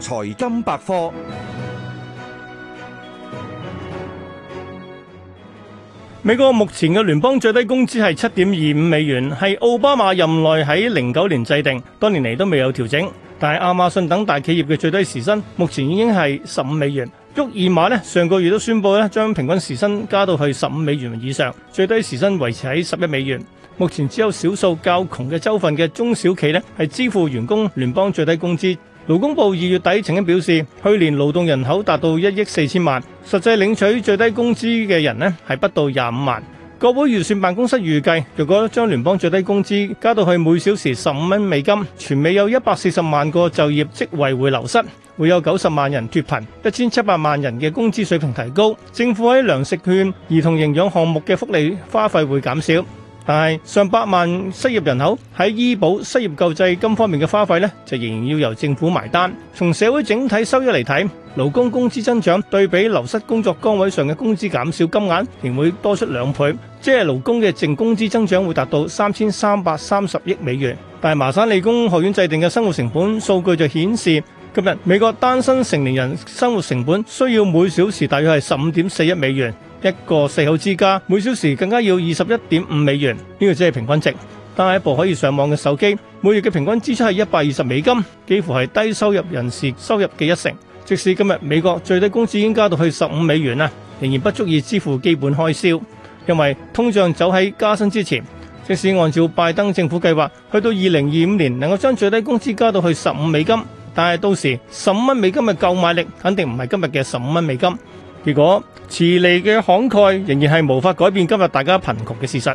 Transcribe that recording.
財金百科，美國目前嘅聯邦最低工資係七點二五美元，係奧巴馬任內喺零九年制定，多年嚟都未有調整。但係亞馬遜等大企業嘅最低時薪目前已經係十五美元。沃爾瑪呢上個月都宣布呢將平均時薪加到去十五美元以上，最低時薪維持喺十一美元。目前只有少數較窮嘅州份嘅中小企呢係支付員工聯邦最低工資。勞工部二月底曾經表示，去年勞動人口達到一億四千萬，實際領取最低工資嘅人呢係不到廿五萬。國會預算辦公室預計，如果將聯邦最低工資加到去每小時十五蚊美金，全美有一百四十萬個就業職位會流失，會有九十萬人脫貧，一千七百萬人嘅工資水平提高，政府喺糧食券、兒童營養項目嘅福利花費會減少。但係上百萬失業人口喺醫保、失業救濟金方面嘅花費呢，就仍然要由政府埋單。從社會整體收益嚟睇，勞工工資增長對比流失工作崗位上嘅工資減少金額，仍會多出兩倍，即係勞工嘅淨工資增長會達到三千三百三十億美元。但係麻省理工學院制定嘅生活成本數據就顯示，今日美國單身成年人生活成本需要每小時大約係十五點四一美元。一個四口之家每小時更加要二十一點五美元，呢個只係平均值。但係一部可以上網嘅手機，每月嘅平均支出係一百二十美金，幾乎係低收入人士收入嘅一成。即使今日美國最低工資已經加到去十五美元啦，仍然不足以支付基本開銷。因為通脹走喺加薪之前，即使按照拜登政府計劃，去到二零二五年能夠將最低工資加到去十五美金，但係到時十五蚊美金嘅購買力肯定唔係今日嘅十五蚊美金。結果，遲嚟嘅慷慨仍然係無法改變今日大家貧窮嘅事實。